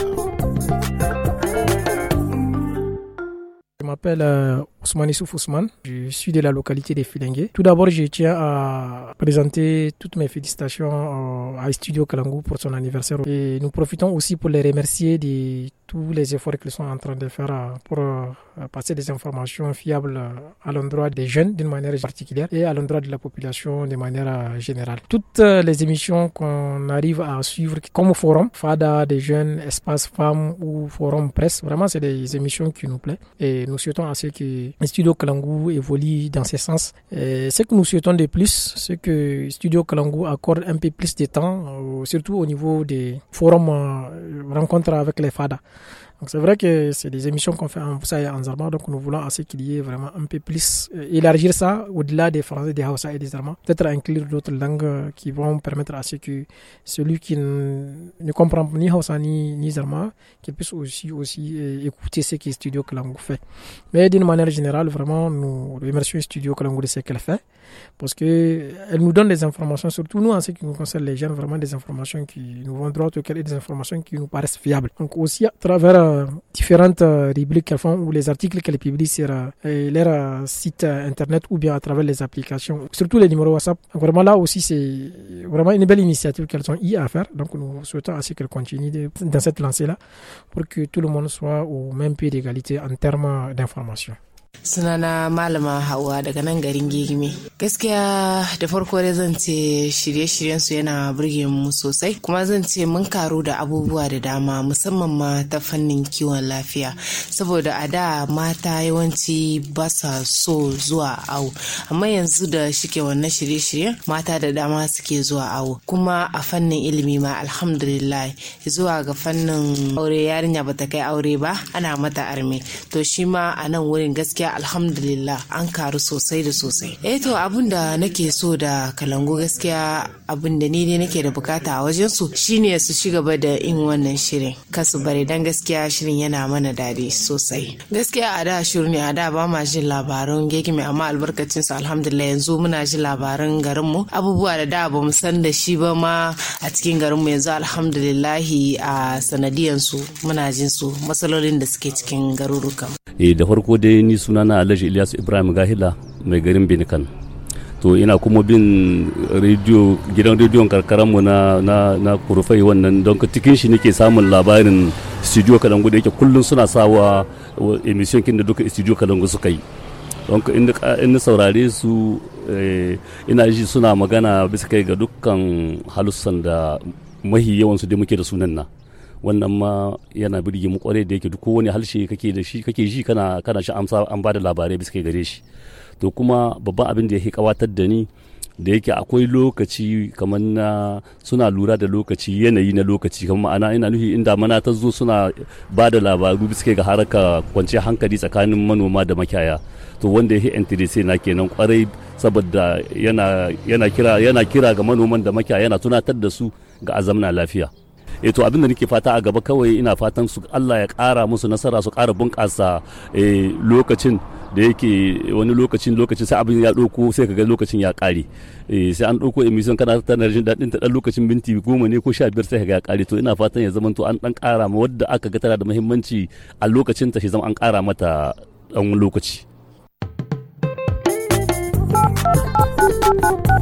m'appelle rappelle... Euh, Ousmane Issouf Ousmane. Je suis de la localité des Filingué. Tout d'abord, je tiens à présenter toutes mes félicitations euh, à Studio Kalangu pour son anniversaire. Et nous profitons aussi pour les remercier de tous les efforts qu'ils sont en train de faire euh, pour euh, passer des informations fiables à l'endroit des jeunes d'une manière particulière et à l'endroit de la population de manière générale. Toutes les émissions qu'on arrive à suivre comme forum, FADA des jeunes, Espace Femmes ou Forum Presse, vraiment c'est des émissions qui nous plaisent et nous souhaitons à ceux qui euh, Studio Kalangu évolue dans ce sens. Euh, ce que nous souhaitons de plus, c'est que Studio Kalangu accorde un peu plus de temps, euh, surtout au niveau des forums rencontres avec les FADA. Donc c'est vrai que c'est des émissions qu'on fait en Hausa et en Zarma, donc nous voulons assez qu'il y ait vraiment un peu plus, euh, élargir ça au-delà des Français, des Hausa et des Zarma, peut-être inclure d'autres langues euh, qui vont permettre à ceux que celui qui ne comprend ni Hausa ni, Zarma, qu'il puisse aussi, aussi euh, écouter ce que Studio Kalangu fait. Mais d'une manière générale, vraiment, nous remercions Studio Kalangu de ce qu'elle fait parce que euh, elle nous donne des informations, surtout nous en ce qui nous concerne les jeunes, vraiment des informations qui nous vont droit au cœur et des informations qui nous paraissent fiables. Donc aussi à travers euh, différentes euh, rubriques qu'elles font ou les articles qu'elles publient sur leur site internet ou bien à travers les applications, surtout les numéros WhatsApp. Donc vraiment là aussi c'est vraiment une belle initiative qu'elles ont eu à faire. Donc nous souhaitons ainsi qu'elles continuent dans cette lancée là pour que tout le monde soit au même pied d'égalité en termes d'informations. sunana malama Hauwa daga nan garin gigime gaskiya da farko dai zan ce shirye-shiryen su yana burge mu sosai kuma zan ce mun karu da abubuwa da dama musamman ma ta fannin kiwon lafiya saboda a da mata yawanci ba sa so zuwa awo amma yanzu da shike wannan shirye-shiryen mata da dama suke zuwa awo kuma a fannin ilimi ma alhamdulillah zuwa ga fannin aure yarinya bata kai aure ba ana mata arme to shi ma a nan wurin gaskiya alhamdulillah an karu sosai da sosai eh to abun da nake so da kalangu gaskiya abun da ni ne nake da bukata a wajen su shine su ci gaba da in wannan shirin kasu bare dan gaskiya shirin yana mana dadi sosai gaskiya a da shiru ne a da ba ma jin labaran gegime amma albarkacin su alhamdulillah yanzu muna jin labaran garin mu abubuwa da da bamu san da shi ba ma a cikin garin mu yanzu alhamdulillah a sanadiyan su muna jin su matsalolin da suke cikin garuruka. eh da farko dai ni suna sunana alhaji ilyasu ibrahim gahila mai garin binikan to ina kuma bin rediyo gidan rediyon karkaranmu na na na kurfai wannan don cikin shi nake samun labarin studio kalangu da yake kullun suna sawa emission kin da duka studio kalangu suka yi don ka in saurare su eh, ina ji suna magana bisa kai ga dukkan halussan da mahi yawan su da muke da sunan na wannan ma yana birge mu kwarai da yake duk kowane harshe kake da shi kake ji kana kana shi amsa an bada labarai bisa gare shi to kuma babban abin da yake kawatar da ni da yake akwai lokaci kamar na suna lura da lokaci yanayi na lokaci kamar ma'ana ina nufi inda mana ta zo suna ba da labaru bisa ga haraka kwance hankali tsakanin manoma da makiyaya to wanda ya interese na kenan kwarai saboda yana kira ga manoman da makiyaya yana tunatar da su ga azamna lafiya eh to abinda nake fata a gaba kawai ina fatan su Allah ya kara musu nasara su ƙara bunƙasa eh, lokacin da yake wani lokacin lokacin sai abin ya ɗauko sai ka ga lokacin ya ƙare eh, sai an ɗauko emission kana tana jin daɗin ta ɗan lokacin minti goma ne ko sha biyar sai ka ga ya ƙare to ina fatan ya zamanto an ɗan ƙara ma wadda aka ga tana da muhimmanci a lokacin ta shi zama an kara mata ɗan lokaci.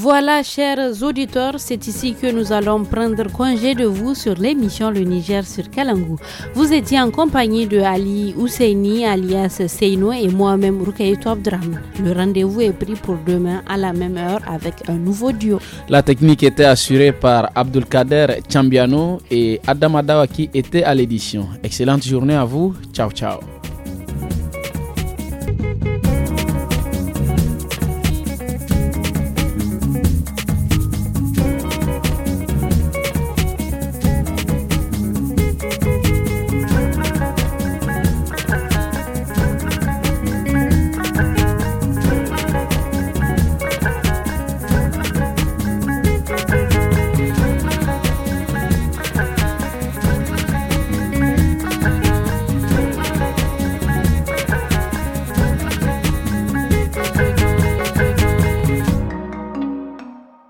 Voilà, chers auditeurs, c'est ici que nous allons prendre congé de vous sur l'émission Le Niger sur Kalangou. Vous étiez en compagnie de Ali Ousseini, alias Seino, et moi-même Top Abdram. Le rendez-vous est pris pour demain à la même heure avec un nouveau duo. La technique était assurée par Kader Chambiano et Adam Adawaki était à l'édition. Excellente journée à vous. Ciao, ciao.